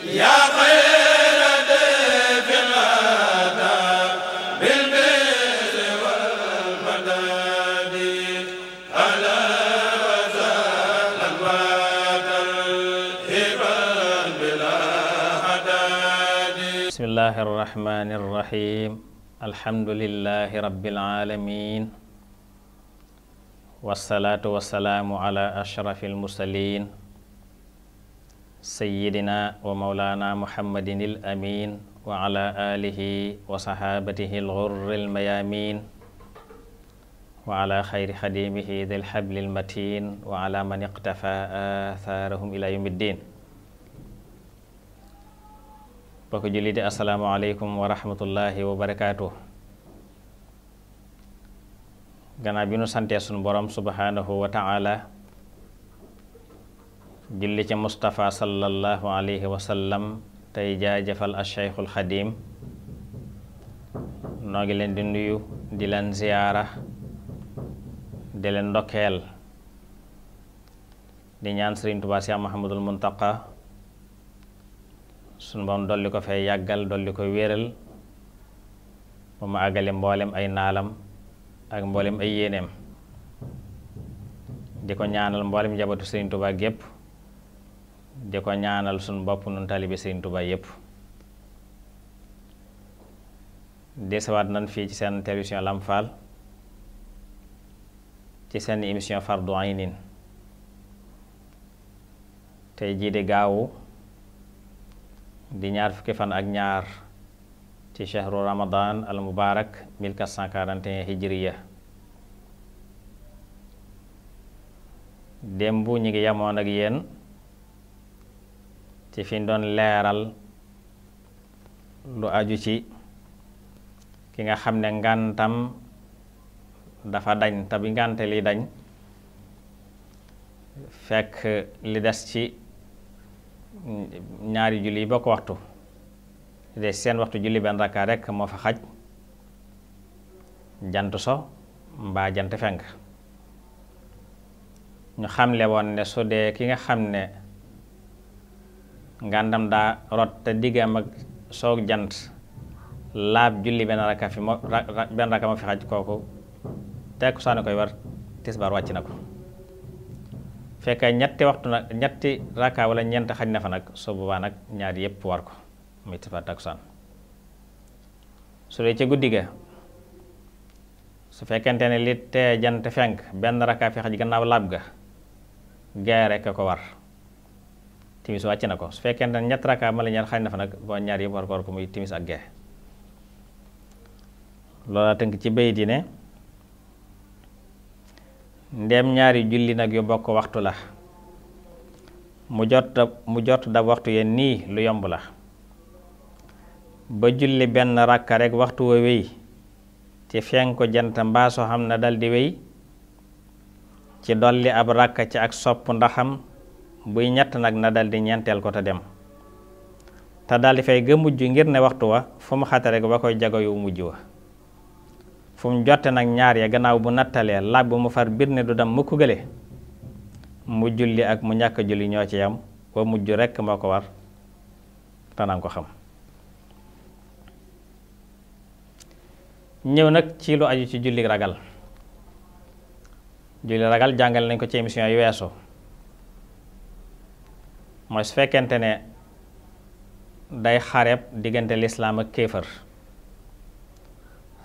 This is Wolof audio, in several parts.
bismillahi arrahmani irrahim alhamdulilahi rabilalamin wasalaatu wasalaamu ala ashrafi almursalin sayyidina wa mawlaana muhammadin il amiin wa ala aalihi wa saxaabatihi al ghurri al mayaamiin wa ala xayri xadimihi dil xabli al matiin wa ala man iqtafa athaarahum ila yawmi ddin bokk julli di asalaamu aleykum wa rahmatullahi wa barakaatuh gannaaw bi nu santee sunu borom subhaanahu wa ta'ala julli ci Moustapha sallallahu alayhi wa sallam tey jaajëfal a Cheikhul Xadim noo ngi leen di nuyu di leen ziyaara di leen ndokkeel di ñaan Sëriñ Tuubaa Seex Mahamadul Muntaqa sunu Boroom dolli ko fay yàggal dolli ko wéeral ba mu àggale mboolem ay naalam ak mboolem ay yéeneem di ko ñaanal mboolem njabootu Sëriñ Tuubaa gépp di ko ñaanal suñ bopp nun taalibe Sëriñ Tuubaa yépp desewaat nan fii ci seen télévision Lamfal ci seen émission Fardul Hayni tey jii di gaawu di ñaar fukki fan ak ñaar ci shahru ramadan al mubarak 1441 hijriya démb ñu ngi yamoon ak yéen ci fi doon leeral lu aju ci ki nga xam ne ngàntam dafa dañ te ngànte li dañ fekk li des ci ñaari julli boo ko waxtu de seen waxtu julli benn rakka rekk moo fa xaj jant so mbaa jant fenk ñu xamle woon ne su dee ki nga xam ne ngàndam daa rot te diggaam ak soog jant laab julli benn raka fi moo benn raka moo fi xaj kooku tekku saani koy war tisbaar wàcc na ko fekk ñetti waxtu nag ñetti raka wala ñeent xaj na fa nag su boobaa nag ñaar yëpp war ko muy tisbaar takkusaan su dee ca guddi ga su fekkente ne li jant fenk benn raka fi xaj gannaaw laab ga gaay rekk a ko war timis wàcc na ko su fekkee ne ñett rakka ma la xaaj na fa nag boo ñaar yëpp war ko muy timis ak gee loola tënk ci bayit yi ne ndem ñaari julli nag yu bokk waxtu la mu jot mu waxtu yeen nii lu yomb la ba julli benn rakka rek waxtu wa wéy ci fenko jant mbaa soo xam na dal di wéy ci dolli ab rakka ci ak sopp ndaxam buy ñett nag na dal di ñeenteel ko te dem te dal di fay ga mujj ngir ne waxtu wa fu mu xate rek ba koy jago yu mujj wa fu mu jotte nag ñaar ya gannaaw bu nattalee laaj bu mu far bir ne du dem mukk gële mu julli ak mu ñàkk julli ñoo ci yam wa mujj rekk moo ko war tanam ko xam ñëw nag ci lu aju ci julli ragal julli ragal jàngale nañ ko ci émission yu weesoo mooy su fekkente ne day xareeb diggante lislaam ak kéefër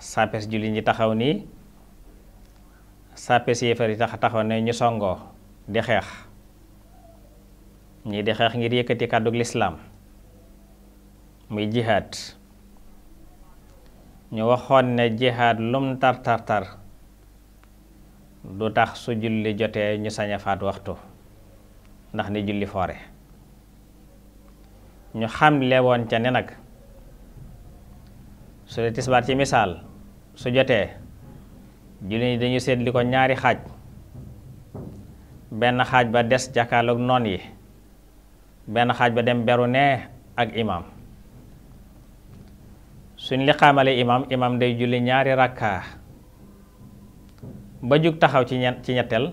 sàppes julli ñi taxaw nii sàppes yéefar yi tax taxaw ne ñu songoo di xeex ñii di xeex ngir yëkkati kàddug lislaam muy jihaad ñu waxoon ne jihaad lum tar tar du tax su julli jotee ñu sañ a waxtu ndax ni julli foore ñu xamle woon ca ne nag su dee tisbaar ci misaal su jotee julli yi dañu seetli ko ñaari xaaj benn xaaj ba des jàkkaarloog noon yi benn xaaj ba dem beru ne ak imam su li xaamale imam imam day julli ñaari rakka ba jug taxaw ci ñett ci ñetteel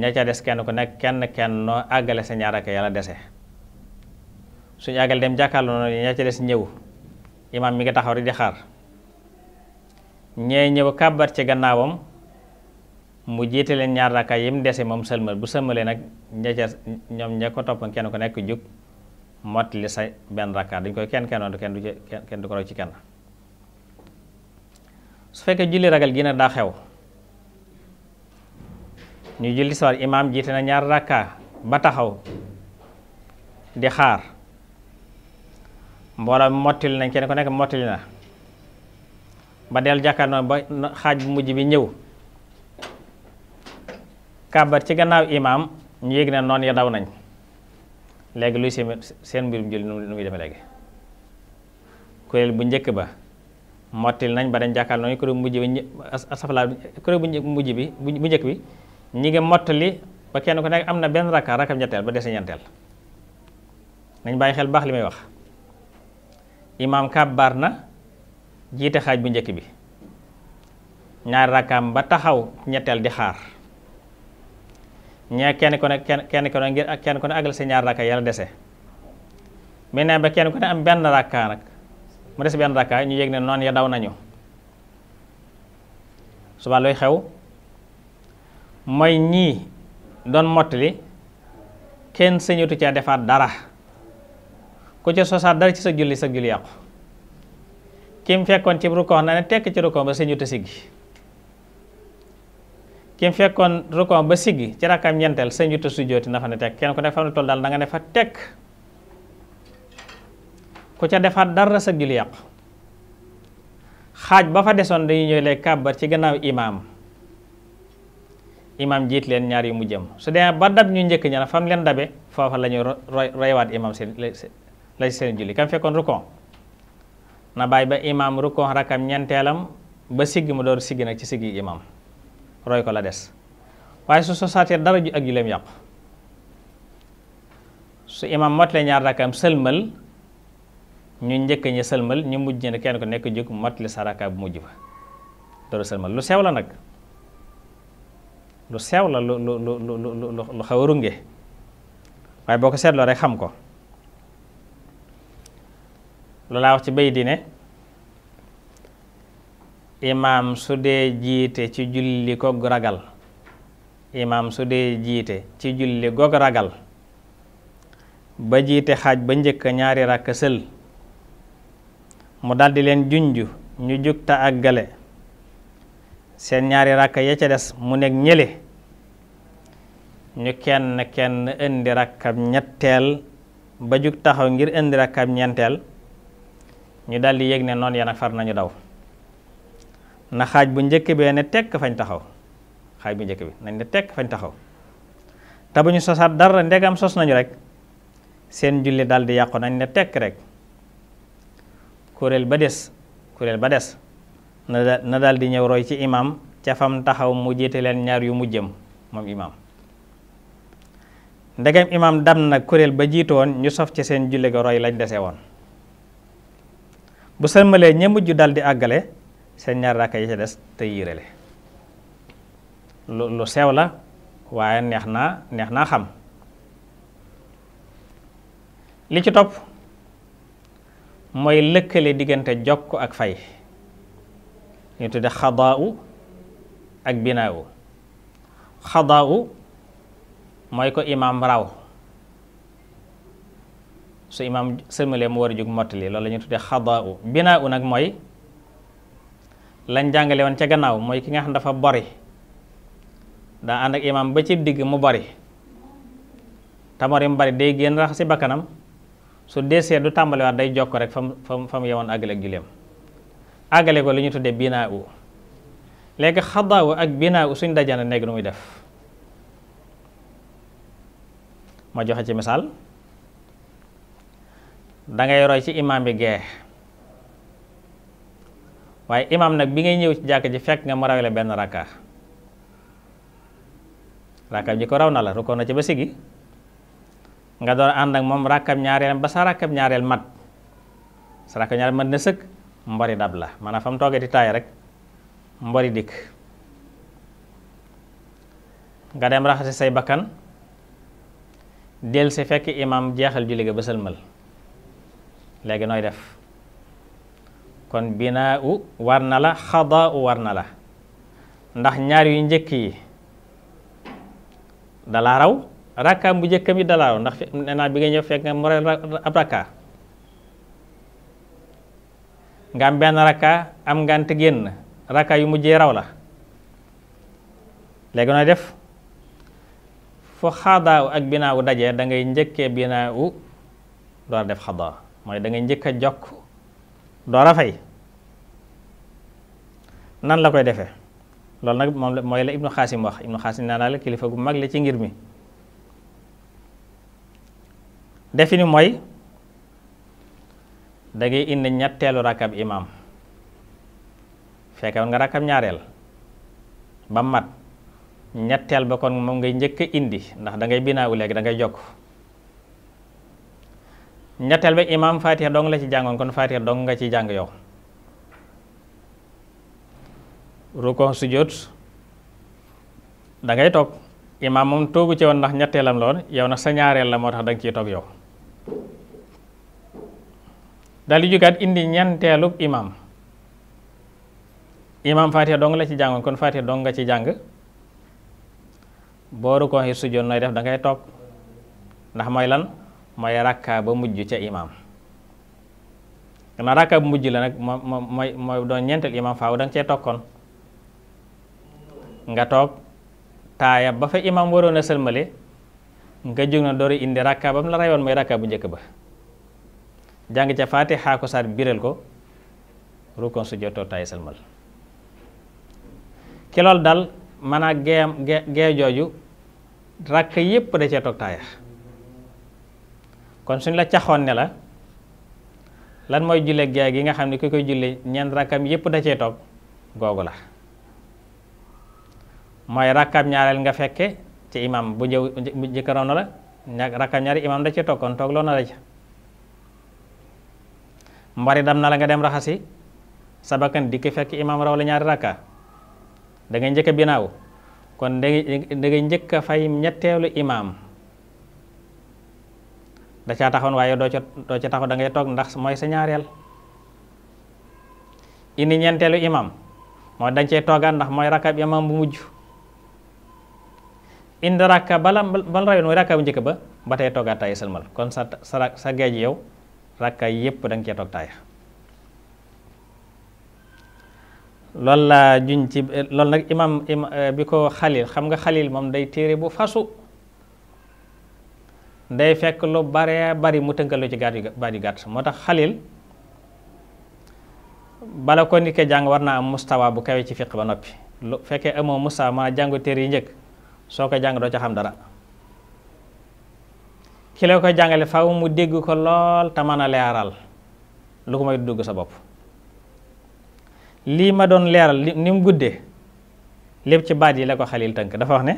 ña ca des kenn ku nekk kenn kenn noo àggale sa ñaar ak yàlla dese su àggal dem jàkkaarloo noonu ña ci des ñëw imaam mi nga taxaw di xaar ñee ñëw kàbbar ci gannaawam mu jiite leen ñaar rakka yi mu dese moom sëlmal bu sëlmalee nag ña ca ñoom ña ko toppan kenn ku nekk jug mott sa benn rakka dañ koy kenn kenn kenn du kenn du ko roy ci kenn su fekkee julli ragal gi nag daa xew ñu julli sawar imaam jiite na ñaar rakka ba taxaw di xaar mbooloo mottali nañ kenn ku nekk mottali na ba del jàkkaarloo ba xaaj bu mujj bi ñëw kàbbar ci gannaaw imaam ñu yëg na noon ya daw nañ léegi luy seen seen mbirum julli nu muy demee léegi kuréel bu njëkk ba mottil nañ ba dañ jàkkaarloo ñu kuréel bu mujj bi bu mujj bu njëkk bi ñi ngi mottali ba kenn ku nekk am na benn rakka rakab ñetteel ba des ñeenteel nañ bàyyi xel baax li may wax imaam kàbbaar na jiite xaaj bu njëkk bi ñaari rakkaam ba taxaw ñetteel di xaar ñee kenn ku ne kenn ku ne ngir ak kenn ku ne àggal sa ñaari rakka yàlla dese mi ne ba kenn ku ne am benn rakka nag mu des benn rakka ñu yëg ne noonu ya daw nañu suba luy xew mooy ñii doon mott li kenn sëñatu ca defaat dara ku ci sosaat dara ci sa julli sa julli yàqu kim fekkoon ci rukkoo na ne tekk ci rukkoo ba sëñu ta siggi kim fekkoon rukkoo ba siggi ci rakkaam ñenteel sëñu ta sujjooti na fa ne tekk kenn ko ne fa nu toll daal na nga ne fa tekk ku ca defaat dara sa julli yàqu xaaj ba fa desoon dañuy ñëw lay kàbbar ci gannaaw imaam imaam jiit leen ñaar yi mu jëm su demee ba dab ñu njëkk ña na fam leen dabe foofa la ñu roy roywaat imaam seen lay seen julli kam fekkoon rukon na bàyyi ba imaam rukon rakam ñenteelam ba sigg mu door sigg nag ci siggi imaam roy ko la des waaye su sosaatee dara ju ak julleem yàqu su imaam motale ñaar rakam sëlmal ñu njëkk ñi sëlmal ñu mujj ne kenn ko nekk jóg motale sa raka bu mujj ba door sëlmal lu sew la nag lu sew la lu lu lu lu lu xaw a runge waaye boo ko seetloo rek xam ko loolu ci bay di ne imaam su dee jiite ci julli gog ragal imaam su jiite ci julli gog ragal ba jiite xaaj ba njëkk ñaari rakk sël mu daldi leen junj ñu jug ta àggale seen ñaari rakk ya ca des mu nekk ñële ñu kenn kenn indi rakkab ñetteel ba jug taxaw ngir indi rakkab ñeenteel ñu daal di yëg ne noonu ya nag far nañu daw na xaaj bu njëkk bee ne tekk fañ taxaw xaaj bu njëkk bi nañ ne tekk fañ taxaw te ñu sosaat dara ndegam sos nañu rek seen julli daldi di yàqu nañ ne tekk rek kuréel ba des kuréel ba des na daldi ñëw roy ci imam ca fam taxaw mu jéete leen ñaar yu mujjëm moom imam ndegam imam dam na kuréel ba jiitoon ñu sof ci seen julli ga roy lañ dese woon bu sëlmalee ña mujj dal di àggale seen ñaar raaka yi ca des te yiirale lu lu sew la waaye neex naa neex naa xam li ci topp mooy lëkkale diggante ko ak fay ñu tudde xadaawu ak binaawu xadaawu mooy ko imaam raw su imaam sëlmalee mu war a jóg mottali loolu la ñuy tuddee xadaa u binaa u nag mooy lañ jàngale woon ca gannaaw mooy ki nga xam dafa bori daa ànd ak imaam ba ci digg mu bari tamori mu bari day génn rax si bakkanam su desee du tàmbaliwaat day jokk rek fam fam fa mu yemoon àggale ak juleem àggale ko lu ñu tuddee binaa u léegi xadaa u ak binaa u suñ dajana nekk nu muy def ma joxe ci misaal dangay ngay roy ci imam bi gee waaye imam nag bi ngay ñëw ci jàkk ji fekk nga ma rawale benn rakka rakkam ji ko raw na la rukkoo na ci ba sigi nga doon ànd ak moom rakkam ñaareel ba sa rakkam ñaareel mat sa rakkam ñaareel mat na sëkk mbori dab la maanaam fa mu toogee di taay rek mbori dikk nga dem raxasi say bakkan del si fekk imaam jeexal julli ga ba sëlmal léegi nooy def kon binaa war na la xadaa war na la ndax ñaar yu njëkk yi dalaa raw rakkaam bu njëkkam yi dalaa raw ndax nee naa bi nga ñëw fekk nga mu ab rakkaa nga am benn rakkaa am ngant génn rakkaa yu mujjee raw la léegi nooy def foo xadaa u ak binaa u dajee da njëkkee binaa u door def xadaa mooy da ngay njëkk a jokk door a nan la koy defee loolu nag moom la mooy la ibnu xaasim wax ibnu xaasim naa la kilifa gu mag la ci ngir mi defi ni mooy da indi ñetteelu rakkab imaam fekke woon nga rakkab ñaareel ba mat ñetteel ba kon moom ngay njëkk indi ndax da ngay binaawu léegi da ngay jokk ñetteel bi imaam faatiha dong la ci jàngoon kon faatiha dong nga ci jàng yow ruko sujjóot da toog imaam moom toogu ci woon ndax ñetteelam la woon yow na sa ñaareel la moo tax da nga toog yow daal di jugaat indi ñeenteelub imaam imaam faatiha dong la ci jàngoon kon faatiha dong nga ci jàng boo ruko sujjóot nooy def dangay toog ndax mooy lan mooy rakka ba mujj ca imaam gannaaw rakka bu mujj la nag moom moom mooy doon ñeenteel imaam faaw da nga cee tokkoon nga toog taaya ba fa imaam waroon a sëlmale nga jóg na dooru indi rakka ba mu la rayoon mooy rakka bu njëkk ba jàng ca faatiha ko saar biral ko rukkoon su jotoo taaya sëlmal ki loolu dal mën a gee gee jooju rakk yépp da cee toog taaya kon suñ la caxoon ne la lan mooy julle gaa gi nga xam ne ki koy julli ñeent rakkam yépp dacee cee toog googu la mooy rakkam ñaareel nga fekke ci imam bu jëw bu jëkkëroon na la rakkam ñaari da cee toog kon na la ca mbari dam na la nga dem raxasi sa bakkan dikk fekk imam raw la ñaari rakka dangay ngay njëkk binaaw kon da ngay njëkk a fay ñetteelu imam da caa taxoon waaye doo ca doo ca taxaw da toog ndax mooy sa ñaareel indi ñeenteelu imam mooy dañ cee toogaan ndax mooy rakab imam bu mujj indi rakka bala bala rayoon mooy rakka njëkk ba ba tey toogaat taay sëlmal kon sa sa sa géej yow rakka yépp da cee toog taay loolu laa juñ ci loolu nag imam eh, bi ko xalil xam nga xalil moom day téere bu fasu day fekk lu baree bari mu tënkalu ci gaat yu baat yu gàtt moo tax xalil bala ko nit ke jàng war naa am mustawa bu kawee ci fiq ba noppi lu fekkee amoo mustawa maa jàngu téer yi njëkk soo ko jàng doo ca xam dara ki la koy jàngale faw mu dégg ko lool te mën a leeral lu ko may dugg sa bopp lii ma doon leeral ni mu guddee lépp ci baat yi la ko xalil tënk dafa wax ne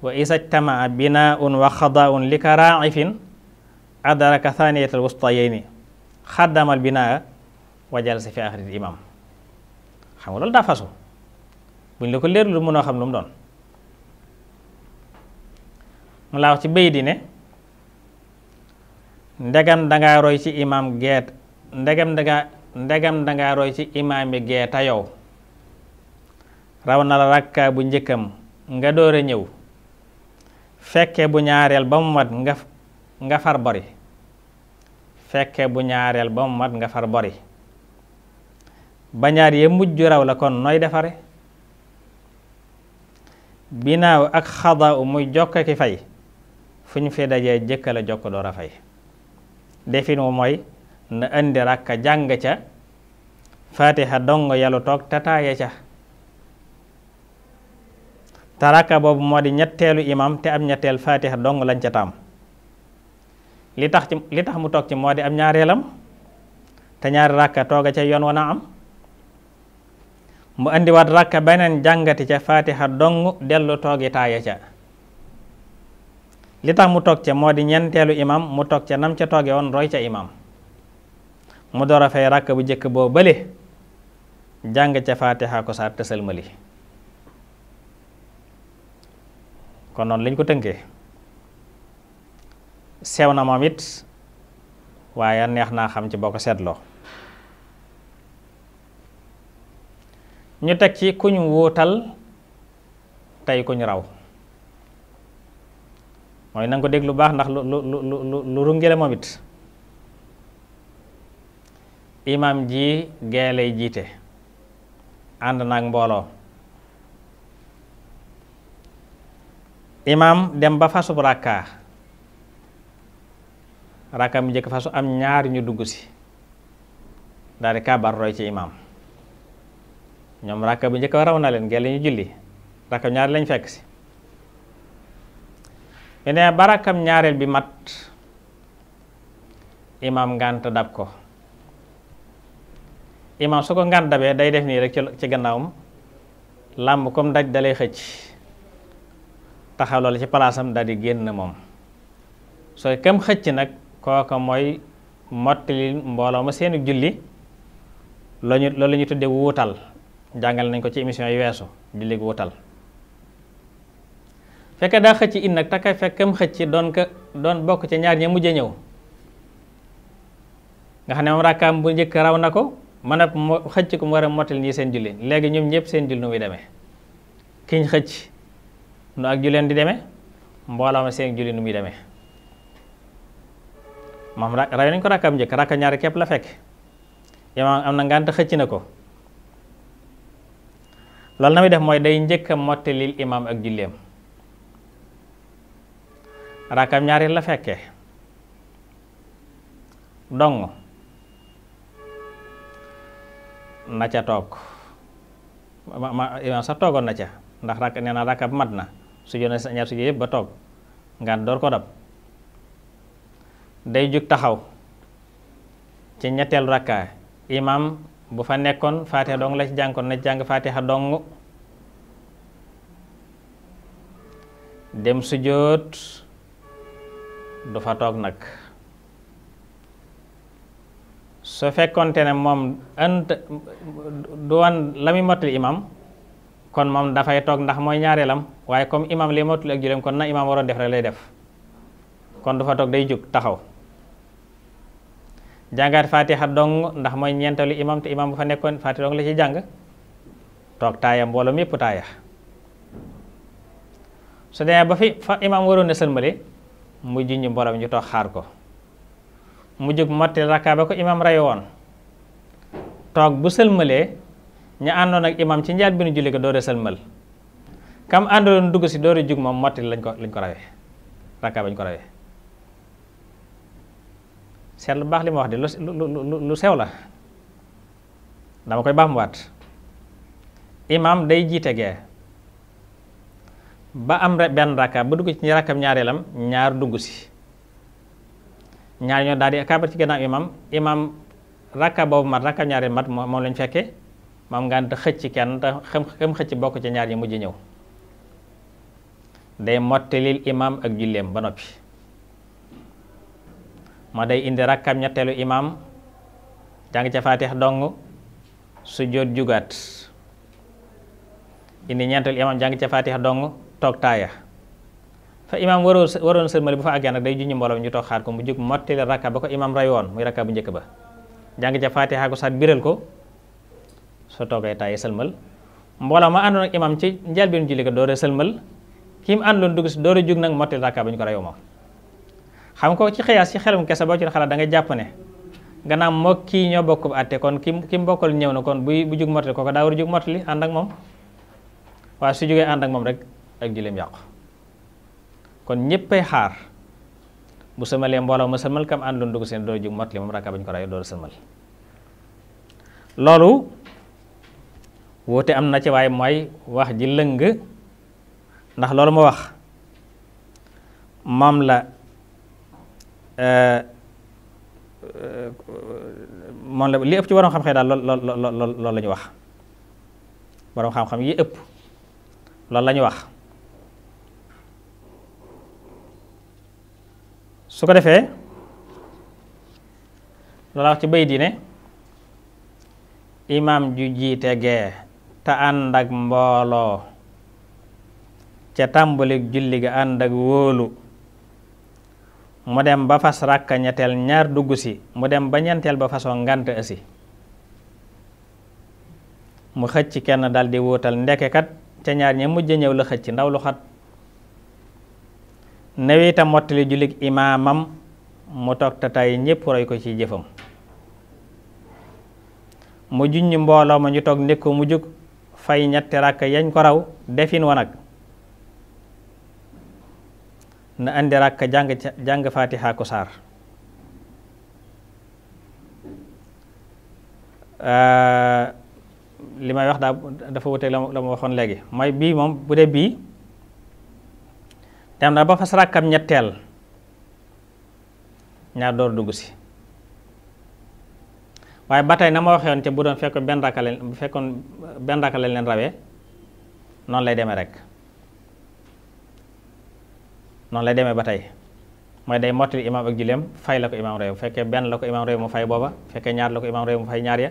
wa isa jtamaa binaun wa xadaun li ka raaifin adaraka thaniyatal wustayayni xaddamal binaa wa jalasa fi axiril imam xam loolu daa fasu buñ la ko leer lu mënoo xam lu mu doon mu laa wax ci béy di ne ndegam dangaa roy ci imam geet ndegam danga ndegam dangaa roy ci imaam geeta yow raw na la rakka bu njëkkam nga doore ñëw fekkee bu ñaareel ba mu mat nga nga far bori fekkee bu ñaareel ba mu mat nga far bori bañaar ye mujj raw la kon nooy defare binaaw ak xadaaw muy jokk ki fay fu ñu fi dajee jëkkal a jokk door a fay defin mooy na indi rakka jàng ca faatiha dong yalu toog tataaye ca taraka boobu moo di ñetteelu imam te ab ñetteel fatiha dong lañ ca taam li tax ci li tax mu toog ci moo di am ñaareelam te ñaari rakka tooga ca yoon wana am mu indiwaat rakka beneen jàngati ca fatiha don dellu toogi taaya ca li tax mu toog ca moo di ñeenteelu imam mu toog ca nam ca tooge woon roy ca imam mu door a fay rakka bu njëkk boo bële jàng ca fatiha ko saar te kon noonu lañ ko tënkee sew na moom it waaye neex naa xam ci boo ko seetloo ñu teg ci ku ñu wóotal tey ku raw mooy na ko dégg lu baax ndax lu lu lu lu rungele moom it imaam ji gee lay jiite ànd naag mbooloo imaam dem ba fasub rakka rakka mu njëkk fasu am ñaar ñu dugg si daal di kàbbar roy ci imaam ñoom rakka bu njëkk raw na leen gel ñu julli rakam ñaar lañ fekk si ñu ne ba rakam ñaareel bi mat imaam ngànt dab ko imaam su ko ngànt dabee day def nii rek ci gannaawam làmb comme daj dalay xëcc taxaw loola ci palaasam daal di génn moom sooy kam xëcc nag kooka mooy mottali mbooloo ma seeni julli lañu loolu ñu tuddee wuutal jàngal nañ ko ci émission yi weesu julli gi wuutal fekke daa xëcc in nag taka fekkam xëcc doon ka doon bokk ci ñaar yi mujj a ñëw nga xam ne moom rakkaam bu njëkk raw na ko mën a xëcc ku mu war a mottali nii seen julli léegi ñoom ñëpp seen julli muy demee kiñ xëcc nu ak juleen di deme mbooloo seen julli nu muy deme moom rak ray nañ ko rakkam njëkk rakka ñaari képp la fekk imaam am na ngant xëcc na ko loolu na muy def mooy day njëkk a mottalil imaam ak julleem rakkam ñaari la fekke dong na ca toog ma imaam sax toogoon na ca ndax rakk nee na rakka mat na sujjóot na sa ñaar sujjóot yëpp ba toog ngaan door ko dab day jug taxaw ci ñetteelu rakka imam bu fa nekkoon faatiha dong la ci jàng kon na jàng faatiha dong dem sujjóot du fa toog nag su fekkonte ne moom ant du wan la muy mottali imam kon moom dafay toog ndax mooy ñaareelam waaye comme imam li matul ak juleem kon na imam waroon def rek lay def kon du fa toog day jóg taxaw jàngaat fatiha dong ndax mooy ñeentalu imam te imam bu fa nekkoon fatiha dong la ci jàng toog taaya mbooloo mépp taaya su demee ba fi fa imam waroon na sëlmale mu junj mbooloo ñu toog xaar ko mu jug motti rakka ba ko imam rayo woon toog bu sëlmalee ña àndoon ak imam ci njaar bi nu julli ko doore sëlmal kam àndoon dugg si doore jug moom motti lañ ko lañ ko rawee rakka bañ ko rawee seet lu baax li ma wax de lu sew la dama koy baax mu waat imam day jiite gee ba am benn rakka ba dugg ci rakkam ñaareelam ñaar dugg si ñaar ñoo daal di kaabar ci gannaaw imam imam rakka boobu mat rakka ñaareel mat moom lañ fekke maam ngànt xëcc kenn te xam xam xëcc bokk ca ñaar ñi mujj ñëw day mottalil imaam ak julleem ba noppi ma day indi rakkam ñetteelu imaam jàng ca faatix dong su jot jugaat indi ñeenteelu imaam jàng ca faatix dong toog taaya fa imaam waroon waroon sërmali bu fa àggee nag day junñu mbooloo ñu toog xaar ko mu jug mottali rakka ba ko imaam rayoon muy rakka bu njëkk ba jàng ca faatixa ko saat biral ko soo toogee taay sëlmal mbooloo ma àndoon ak imam ci njëlbéenu julli ga door a sëlmal ki ànd àndoon dugg si door a jug nag mottali ko rew moom xam ko ci xiyaas ci xelum kese boo ci xalaat da nga jàpp ne gannaaw moo kii bokk atte ki ki mu bokkal ñëw na kon bu bu jug mottali kooku daa war a jug mottali ànd ak moom waaye su jógee ànd ak moom rek ak julleem yàqu kon ñëppay xaar bu sëmalee mbooloo ma sëmal kam àndoon dugg seen door a jug moom rakka ba ñu ko rew door a loolu wuute am na ci waaye mooy wax ji lëng ndax loolu mu wax moom la euh, euh, moom la li ëpp ci borom xam-xam daal lool lool wax borom xam-xam yi ëpp loolu la wax su ko defee loola ci bay di ne imaam ju jiite gee te ànd ak mbooloo ca tàmbalik julli ga ànd ak wóolu mu dem ba fas rakka ñaar dugg si mu dem ba ñeenteel ba fasoo ngant asi mu xëcc kenn daldi wóotal ndekekat ca ñaar ña mujj ñëw la xëcc ndaw lu xat newita mottali jullig imaamam mu toog te tay ñépp roy ko ci jëfam mu juññ mbooloo ma ñu toog nekk mu jug fay ñetti ràkk yañ ko raw defin wa nag na andi rakk jàng jàng fatiha saar li may wax daa dafa wuteeg la ma waxoon léegi mooy bii moom bu dee bii dem na ba fas rakkam ñetteel ñaar door dugg si waaye ba tey na moo waxee woon ca bu doon fekkoon benn rakka lañ bu fekkoon eh, benn leen rawee noonu lay demee rek noon lay demee ba tey mooy day mottali imaam ak julleem fay la ko imaam réew bu fekkee benn la ko imaam mu fay booba bu fekkee ñaar la ko imaam réew mu fay ñaar ya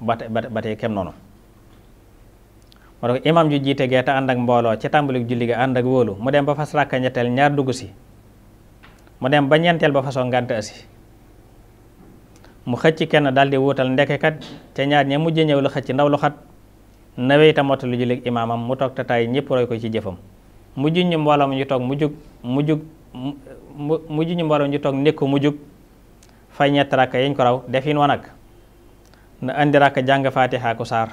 ba tey ba tey kem noonu. moo tax imaam ju jiite gee te ànd ak mbooloo ci tàmbalik julli ga ànd ak wóolu mu dem ba fas rakka ñetteel ñaar dugg si mu dem ba ñeenteel ba fasoo ngànt asi mu xëcc kenn daal di wuutal ndekekat te ñaar ña mujj ñëw la xëcc ndaw lu xat nawee tamatu lu jullit imaamam mu toog tataay ñëpp roy ko ci jëfam mu juññu mbooloo ñu toog mu jug mu jug mu juññu mbooloo ñu toog nekk mu jug fay ñett rakk yañ ko raw defin wa nag na andi rakk jàng faatiha ku saar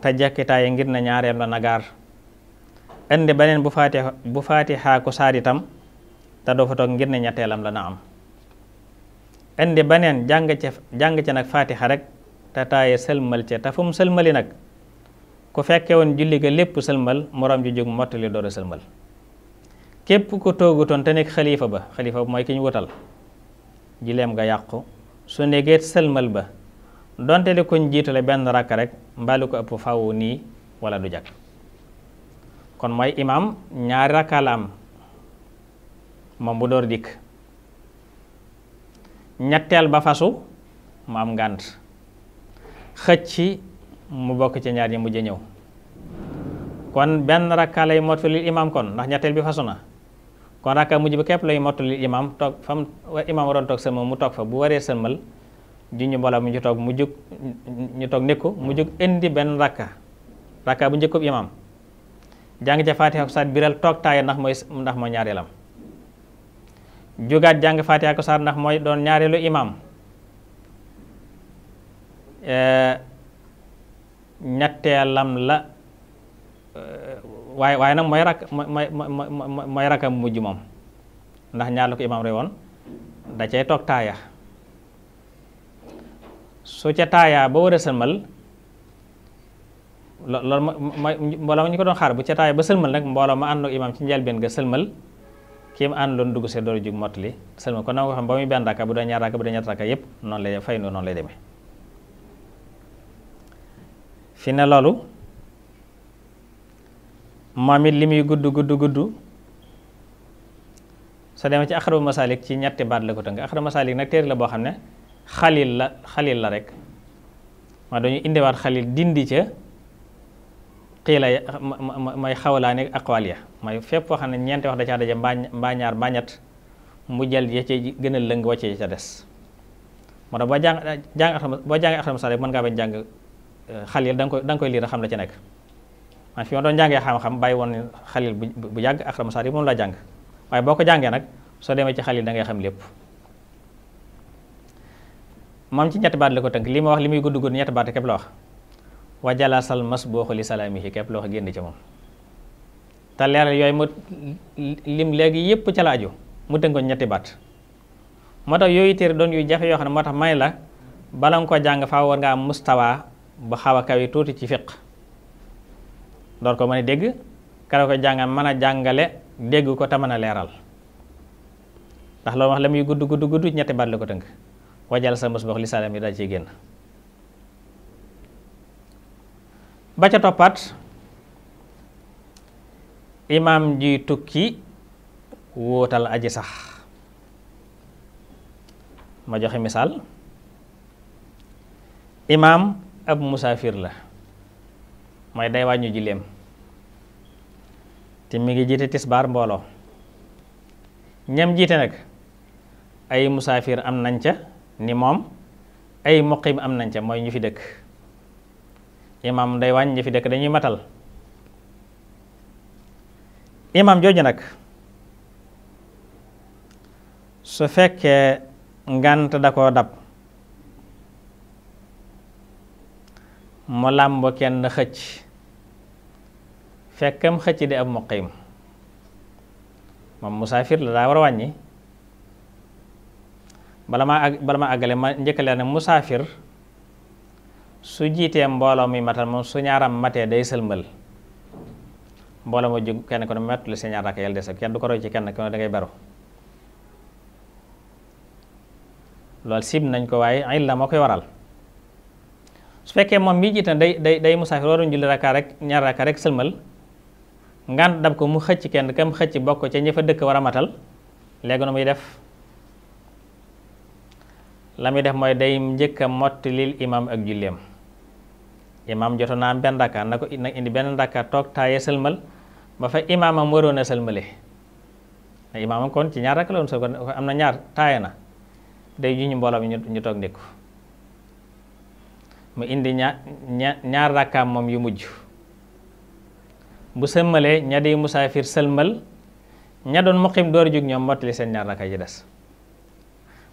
te jekkitaaye ngir na ñaareel la nagaar indi beneen bu faatiha bu faatiha ku te doo fa toog ngir ne ñetteelam la na am indi baneen jàng ca jàng ca nag faatixa rek te taaye sëlmal ca te fu mu sëlmali nag ku fekke woon julli ga lépp sëlmal moroom ji jóg mottali door a sëlmal képp ku toogutoon te nekk xalifa ba xalifa ba mooy ki ñu wutal julleem nga yàqu su negeet sëlmal ba donte li koñ jiitale benn rakk rek mbalu ko ëpp faw nii wala du jag kon mooy imaam ñaari rakka am moom bu door dikk ñetteel ba fasu mu am ngànt xëcc mu bokk ci ñaar yi mujj ñëw kon benn rakka lay mottali imaam kon ndax ñetteel bi fasu na kon rakka mujj bi képp lay mottali imaam toog fam imaam doon toog sëlmal mu toog fa bu waree sëlmal ju ñu mbooloo mu ñu toog mu jug ñu toog nekku mu jug indi benn rakka rakka bu njëkkub imaam jàng ca faatiha ak saat biral toog taaye ndax mooy ndax mooy ñaareelam jógaat jàng Fatiha ak saar ndax mooy doon ñaareelu imam ñetteelam la waaye waaye nag mooy rakk mooy rakkam mujj moom ndax ñaar la ko imam rek woon da cay toog taaya su ca taaya ba war a sëlmal loolu mooy mbooloo ma ñu ko doon xaar bu ca taaya ba sëlmal nag mbooloo ma ànd ak imam ci njëlbeen ga sëlmal ki mu ànd loon dugg see door jug mottali sëlma kon na nga ko xam ba muy benn rakka bu dee ñaar rakka bu dee ñett rakka noonu lay fay fi ne loolu moom it li muy gudd gudd gudd soo demee ci axaru masaalik ci ñetti baat la ko tënk axaru masaalik nag téere la boo xam ne xalil la xalil la rek ma dañu indiwaat xalil dindi ca xii la mooy xawalaani aqwaal ya mooy fépp foo xam ne ñeenti wax da caa daje mbaa ñaar mbaa ñett mu jël ya ca gën a lëng wàcce yi ca des moo tax boo jàng jàng boo jàngee axram sare mën ngaa bañ jàng euh, xalil da nga da koy liir xam la ci nekk man fi ma doon bàyyi woon xalil bu yàgg axram sare moom laa jàng waaye boo ko jàngee nag soo demee ci xalil da ngay xam lépp moom ci ñetti baat la ko tënk li ma wax li muy gudd gudd ñetti baat képp la wax wajalasal mas boo xuli salaamihi képp la wax génn ci moom te leeral yooyu mu lim léegi yëpp ca la aju mu ko ñetti baat moo tax yooyu téere doon yu jafe yoo xam ne moo tax may la bala nga ko jàng faa war nga am mustawa bu xaw a kawe tuuti ci fiq doon ko mën a dégg kara ko jàngal mën a jàngale dégg ko te mën a leeral ndax loolu wax la muy gudd gudd gudd ñetti baat la ko tënk wajal sa mos box li salam yi daal ciy génn ba ca toppaat imaam ji tukki wóotal aji sax ma joxe misaal imaam ab musaafir la mooy day wàññu julleem te mi ngi jiite tisbaar mbooloo ñam jiite nag ay musaafir am nañ ca ni moom ay muqim am nañ ca mooy ñu fi dëkk imaam day wàññi ñu fi dëkk dañuy matal imaam jooju nag su fekkee ngant da koo dab mu làmb kenn xëcc fekkam xëcc di ab muqim moom musaafir la daa war a wàññi bala ma àgg bala ma àggale ma njëkkale ne musaafir su jiitee mbooloo mi matal moom su ñaaram matee day sëlmal mbooloo moo jóg kenn ko ne mett li seen ñaar rakk yàlla des kenn du ko roy ci kenn ko ne beru loolu sib nañ ko waaye ay la moo koy waral su fekkee moom mii jiite day day day musaafir waruñ julli rakka rek ñaar rakka rek sëlmal ngant dab ko mu xëcc kenn kam xëcc bokk ca ña fa dëkk war a matal léegi nu muy def la muy def mooy day njëkk a motti lil imam ak julleem imam joto naa benn rakka na ko na indi benn rakka toog taaye sëlmal ba fa imaamam waroon a sëlmale imaamam kon ci ñaar rek la woon am na ñaar taaya na day ju ñu mbooloo mi ñu toog ndékku mu indi ñaar ñaar rakkaam moom yu mujj bu sëlmalee ña di musaafir sëlmal ña doon muqim door jóg ñoom mottali seen ñaar rakka ji des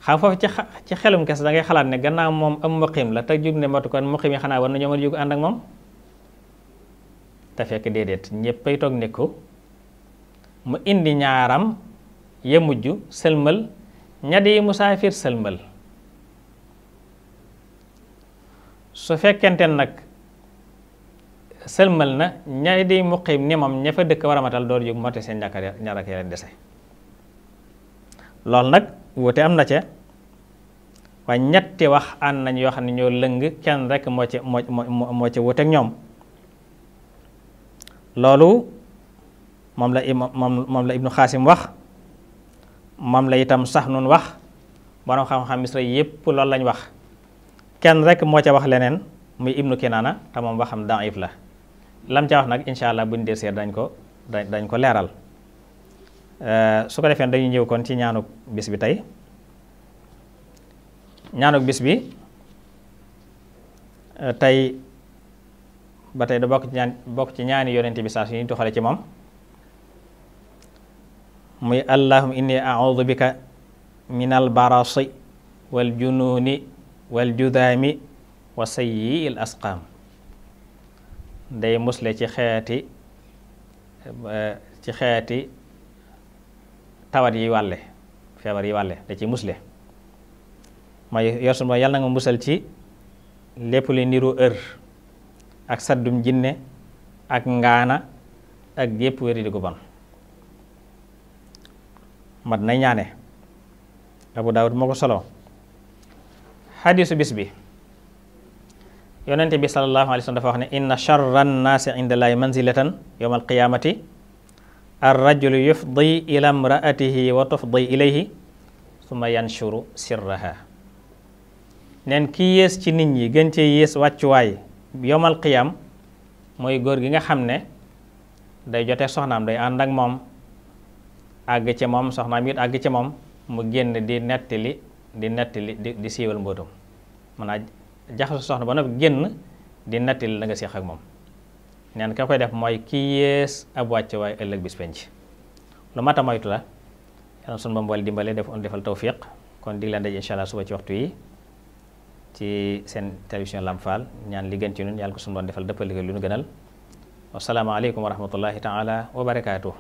xam foofu ci ci xelum kes da ngay xalaat ne gannaaw moom am muqim la te jóg ne matu kon muqim yi xanaa war na ñoo mën a jóg ànd ak moom te fekk déedéet ñéppay toog ne ko mu indi ñaaram ya mujj sëlmal ña di musaafir sëlmal su fekkente nag sëlmal na ña di muqim ni moom ña fa dëkk war a matal door jóg motte seen ñàkk ñaar ak yeneen dese loolu nag wuute am na ca waaye ñetti wax ànd nañ yoo xam ne ñoo lëng kenn rek moo ci moo moo moo ci wuuteeg ñoom loolu moom la ima moom la ibnu xaasim wax moom la itam sax nun wax borom xam-xam misra yépp loolu lañ wax kenn rek moo ca wax leneen muy ibnu kinaana te moom waxam daif la lam ca wax nag incha allah buñ dee seet dañ ko dañ ko leeral euh, su ko defee dañuy ñëw kon ci ñaanuk bis bi tey ñaanuk bis bi euh, tey ba tey da bokk ci bokk ci ñaani yonent bi saa su ñu tuxale ci moom muy allahum inni audu bika min al barasi wal jununi wal judaami wa sayyi il asqaam day musle ci xeeti eh, ci xeeti tawat yi wàlle feebar yi wàlle da ci musle ma yor su mooy yàlla musal ci lépp li niru ër ak saddum jinne ak ngaana ak yépp wéri di bon mat nay ñaane abu daawud moo ko solo xadiisu bis bi yonente bi sallallahu alayhi wa dafa wax ne inna charra nnaasi inda llaahi manzilatan yowma alqiyaamati ar rajulu yufdi ila imraatihi wa tufdi ilayhi summa yanshuru sirraha neen ki yées ci nit ñi gën cee yées wàccuwaay yomal xiyam mooy góor gi nga xam ne day jote soxnaam day ànd ak moom àgg ci moom soxnaam it àgg ci moom mu génn di nettali di nettali di di siiwal mbóotam mën naa jaxasu soxna ba noppi génn di nettali la nga seex ak moom neen ka koy def mooy kii yées ab wàcce waaye ëllëg bis penc lu matam a la yàlla sunu ba mboole dimbale def defal tawfiq kon dig leen daje incha allah suba ci waxtu yi ci seen télévision Lamp Fall ñaan li gën ci ñun yàlla ko suñu doon defal dëppale ko lu ñu gënal wasalaamaaleykum wa rahmatullahi taala wa barakaatu.